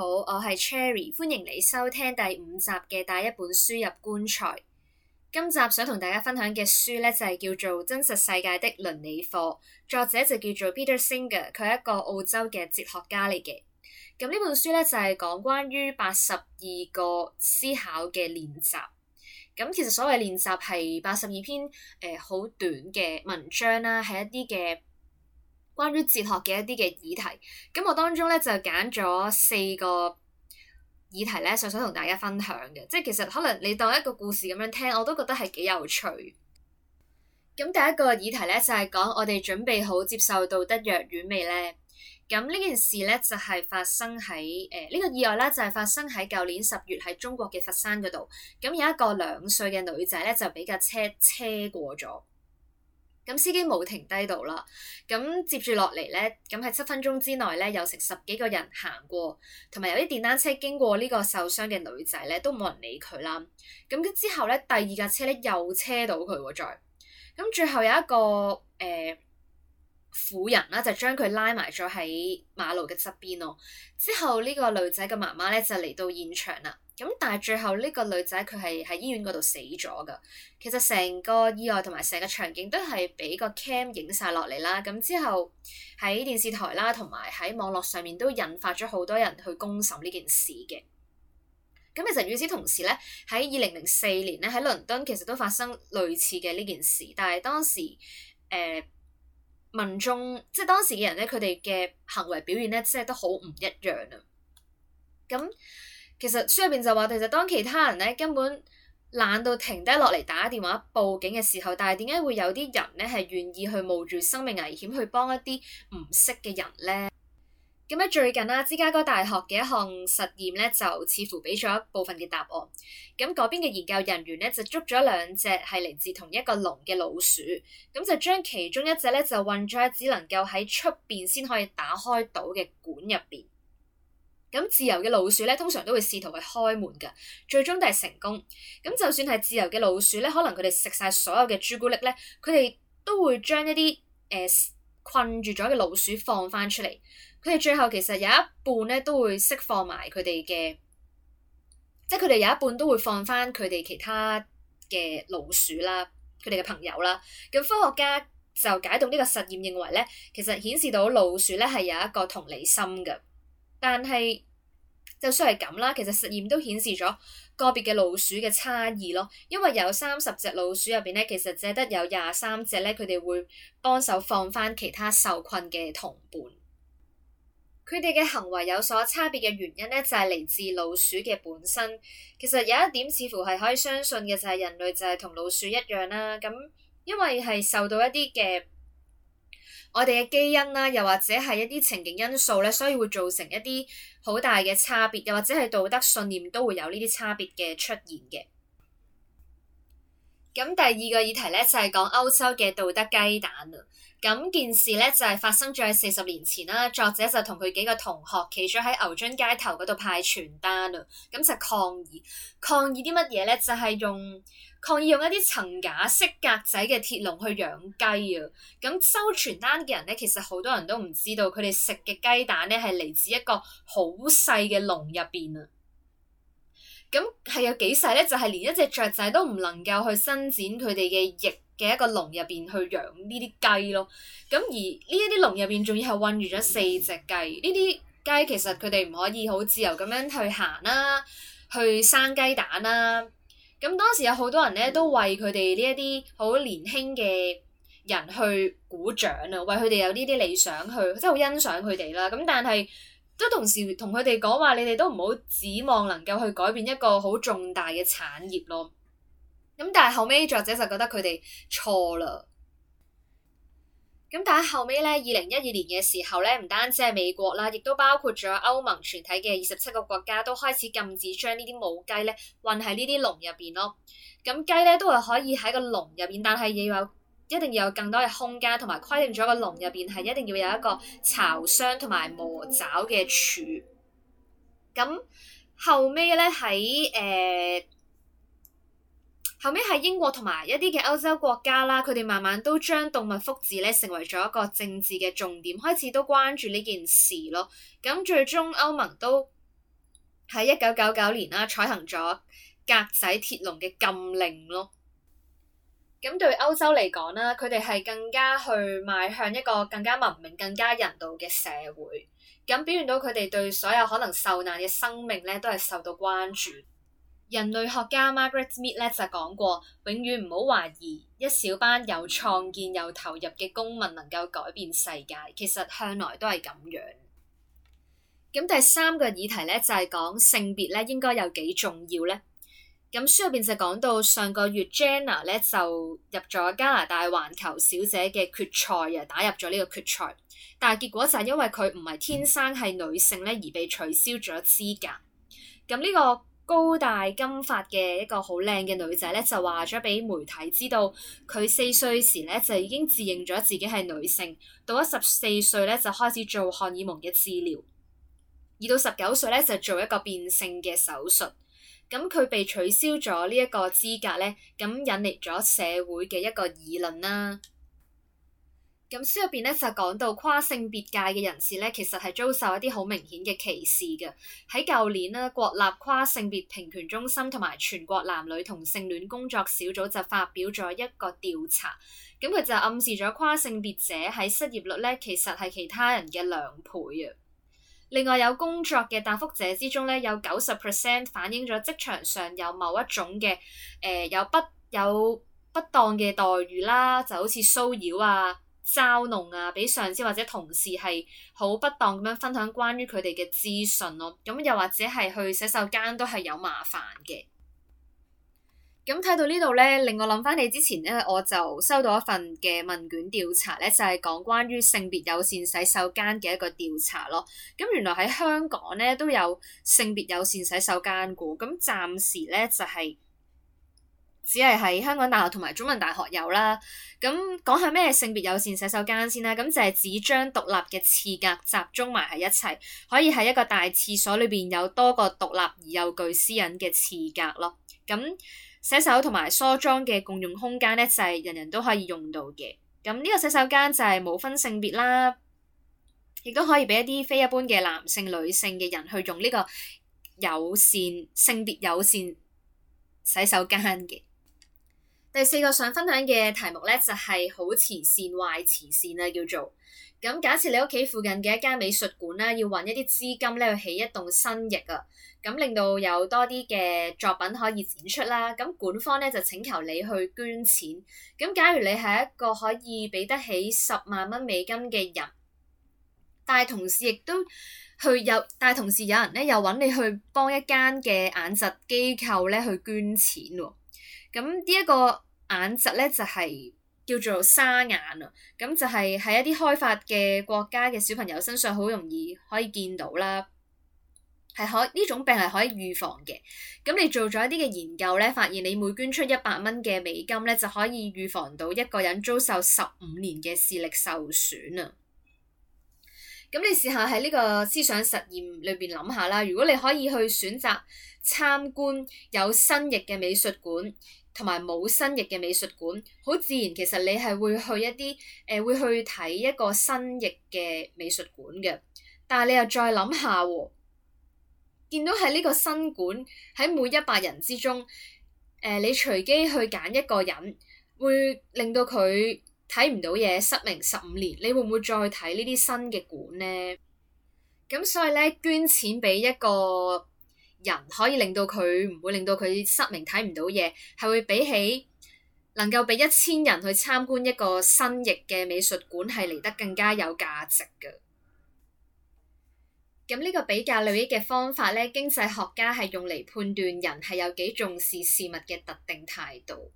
好，我係 Cherry，歡迎你收聽第五集嘅第一本書入棺材。今集想同大家分享嘅書呢，就係、是、叫做《真實世界的倫理課》，作者就叫做 Peter Singer，佢係一個澳洲嘅哲學家嚟嘅。咁呢本書呢，就係、是、講關於八十二個思考嘅練習。咁其實所謂練習係八十二篇誒好、呃、短嘅文章啦，係一啲嘅。關於哲學嘅一啲嘅議題，咁我當中咧就揀咗四個議題咧，就想同大家分享嘅，即係其實可能你當一個故事咁樣聽，我都覺得係幾有趣。咁第一個議題咧就係講我哋準備好接受道德藥丸未咧？咁呢件事咧就係發生喺誒呢個意外咧，就係發生喺舊年十月喺中國嘅佛山嗰度。咁有一個兩歲嘅女仔咧，就俾架車車過咗。咁司機冇停低度啦，咁接住落嚟咧，咁喺七分鐘之內咧，有成十幾個人行過，同埋有啲電單車經過呢個受傷嘅女仔咧，都冇人理佢啦。咁之後咧，第二架車咧又車到佢喎，再咁最後有一個誒婦人啦，就將佢拉埋咗喺馬路嘅側邊咯。之後呢個女仔嘅媽媽咧就嚟到現場啦。咁但係最後呢個女仔佢係喺醫院嗰度死咗㗎。其實成個意外同埋成個場景都係俾個 cam 影晒落嚟啦。咁之後喺電視台啦，同埋喺網絡上面都引發咗好多人去公審呢件事嘅。咁其實與此同時咧，喺二零零四年咧，喺倫敦其實都發生類似嘅呢件事，但係當時誒、呃、民眾即係當時嘅人咧，佢哋嘅行為表現咧，即係都好唔一樣啊。咁其實書入邊就話，其實當其他人咧根本懶到停低落嚟打電話報警嘅時候，但係點解會有啲人咧係願意去冒住生命危險去幫一啲唔識嘅人咧？咁喺最近啦，芝加哥大學嘅一項實驗咧，就似乎俾咗一部分嘅答案。咁嗰邊嘅研究人員咧就捉咗兩隻係嚟自同一個籠嘅老鼠，咁就將其中一隻咧就困咗在只能夠喺出邊先可以打開到嘅管入邊。咁自由嘅老鼠咧，通常都會試圖去開門噶，最終都係成功。咁就算係自由嘅老鼠咧，可能佢哋食晒所有嘅朱古力咧，佢哋都會將一啲誒、呃、困住咗嘅老鼠放翻出嚟。佢哋最後其實有一半咧都會釋放埋佢哋嘅，即係佢哋有一半都會放翻佢哋其他嘅老鼠啦，佢哋嘅朋友啦。咁科學家就解讀呢個實驗，認為咧，其實顯示到老鼠咧係有一個同理心噶。但係，就算係咁啦，其實實驗都顯示咗個別嘅老鼠嘅差異咯。因為有三十隻老鼠入邊呢，其實只得有廿三隻呢，佢哋會幫手放翻其他受困嘅同伴。佢哋嘅行為有所差別嘅原因呢，就係嚟自老鼠嘅本身。其實有一點似乎係可以相信嘅，就係人類就係同老鼠一樣啦。咁因為係受到一啲嘅。我哋嘅基因啦，又或者係一啲情景因素咧，所以會造成一啲好大嘅差別，又或者係道德信念都會有呢啲差別嘅出現嘅。咁第二個議題咧就係講歐洲嘅道德雞蛋啦。咁件事咧就係發生咗喺四十年前啦。作者就同佢幾個同學企咗喺牛津街頭嗰度派傳單啦。咁就抗議，抗議啲乜嘢咧？就係用。抗議用一啲層架式格仔嘅鐵籠去養雞啊！咁收傳單嘅人呢，其實好多人都唔知道，佢哋食嘅雞蛋呢係嚟自一個好細嘅籠入邊啊！咁係有幾細呢？就係連一隻雀仔都唔能夠去伸展佢哋嘅翼嘅一個籠入邊去養呢啲雞咯。咁而呢一啲籠入邊仲要係困住咗四隻雞，呢啲雞其實佢哋唔可以好自由咁樣去行啦，去生雞蛋啦。咁當時有好多人咧都為佢哋呢一啲好年輕嘅人去鼓掌啊，為佢哋有呢啲理想去，即係好欣賞佢哋啦。咁但係都同時同佢哋講話，你哋都唔好指望能夠去改變一個好重大嘅產業咯。咁但係後尾，作者就覺得佢哋錯啦。咁但係後尾咧，二零一二年嘅時候咧，唔單止係美國啦，亦都包括咗歐盟全體嘅二十七個國家都開始禁止將呢啲母雞咧運喺呢啲籠入邊咯。咁雞咧都係可以喺個籠入邊，但係要有一定要有更多嘅空間，同埋規定咗個籠入邊係一定要有一個巢箱同埋磨爪嘅柱。咁、 嗯、後尾咧喺誒。後尾係英國同埋一啲嘅歐洲國家啦，佢哋慢慢都將動物福祉咧成為咗一個政治嘅重點，開始都關注呢件事咯。咁最終歐盟都喺一九九九年啦，採行咗格仔鐵籠嘅禁令咯。咁對歐洲嚟講啦，佢哋係更加去邁向一個更加文明、更加人道嘅社會，咁表現到佢哋對所有可能受難嘅生命咧，都係受到關注。人類學家 Margaret Mead 咧就講過，永遠唔好懷疑一小班有創建又投入嘅公民能夠改變世界。其實向來都係咁樣。咁第三個議題咧就係、是、講性別咧應該有幾重要呢？咁書入邊就講到上個月 Jenna 咧就入咗加拿大環球小姐嘅決賽啊，打入咗呢個決賽，但係結果就係因為佢唔係天生係女性咧，而被取消咗資格。咁呢、這個。高大金髮嘅一個好靚嘅女仔呢，就話咗俾媒體知道，佢四歲時呢，就已經自認咗自己係女性，到咗十四歲呢，就開始做荷爾蒙嘅治療，而到十九歲呢，就做一個變性嘅手術。咁佢被取消咗呢一個資格呢，咁引嚟咗社會嘅一個議論啦。咁書入邊咧就講到跨性別界嘅人士咧，其實係遭受一啲好明顯嘅歧視嘅。喺舊年呢，國立跨性別平權中心同埋全國男女同性戀工作小組就發表咗一個調查，咁佢就暗示咗跨性別者喺失業率咧，其實係其他人嘅兩倍啊。另外，有工作嘅答覆者之中咧，有九十 percent 反映咗職場上有某一種嘅誒、呃、有不有不當嘅待遇啦，就好似騷擾啊。嘲弄啊，俾上司或者同事係好不當咁樣分享關於佢哋嘅資訊咯，咁又或者係去洗手間都係有麻煩嘅。咁睇到呢度呢，令我諗翻起之前呢，我就收到一份嘅問卷調查呢，就係、是、講關於性別友善洗手間嘅一個調查咯。咁原來喺香港呢都有性別友善洗手間嘅，咁暫時呢就係、是。只係喺香港大學同埋中文大學有啦。咁講下咩性別友善洗手間先啦。咁就係指將獨立嘅廁格集中埋喺一齊，可以喺一個大廁所裏面有多個獨立而又具私隱嘅廁格咯。咁洗手同埋梳妝嘅共用空間呢，就係人人都可以用到嘅。咁呢個洗手間就係冇分性別啦，亦都可以俾一啲非一般嘅男性、女性嘅人去用呢個友善性別友善洗手間嘅。第四個想分享嘅題目呢，就係、是、好慈善壞慈善啊，叫做咁。假設你屋企附近嘅一間美術館啦，要揾一啲資金呢，去起一棟新翼啊，咁令到有多啲嘅作品可以展出啦。咁館方呢，就請求你去捐錢。咁假如你係一個可以俾得起十萬蚊美金嘅人，但係同時亦都去有，但係同時有人呢又揾你去幫一間嘅眼疾機構呢，去捐錢喎、哦。咁呢一個眼疾呢，就係叫做沙眼啊，咁就係喺一啲開發嘅國家嘅小朋友身上好容易可以見到啦，係可呢種病係可以預防嘅。咁你做咗一啲嘅研究呢，發現你每捐出一百蚊嘅美金呢，就可以預防到一個人遭受十五年嘅視力受損啊。咁你試下喺呢個思想實驗裏邊諗下啦，如果你可以去選擇參觀有新翼嘅美術館同埋冇新翼嘅美術館，好自然其實你係會去一啲誒、呃、會去睇一個新翼嘅美術館嘅，但係你又再諗下喎，見到喺呢個新館喺每一百人之中，誒、呃、你隨機去揀一個人，會令到佢，睇唔到嘢，失明十五年，你會唔會再睇呢啲新嘅館呢？咁所以呢，捐錢俾一個人，可以令到佢唔會令到佢失明睇唔到嘢，係會比起能夠俾一千人去參觀一個新穎嘅美術館係嚟得更加有價值嘅。咁呢個比較利益嘅方法呢，經濟學家係用嚟判斷人係有幾重視事物嘅特定態度。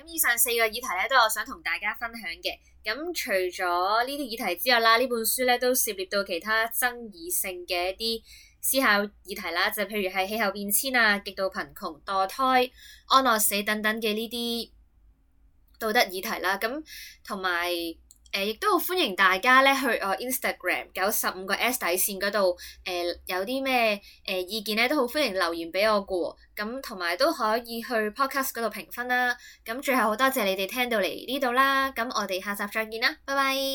咁以上四個議題咧，都有想同大家分享嘅。咁除咗呢啲議題之外啦，呢本書咧都涉獵到其他爭議性嘅一啲思考議題啦，就譬如係氣候變遷啊、極度貧窮、墮胎、安樂死等等嘅呢啲道德議題啦。咁同埋。誒，亦都好歡迎大家咧去我 Instagram 九十五個 S 底線嗰度誒有啲咩誒意見咧，都好歡迎留言俾我嘅喎。咁同埋都可以去 Podcast 嗰度評分啦。咁最後好多謝你哋聽到嚟呢度啦。咁我哋下集再見啦，拜拜。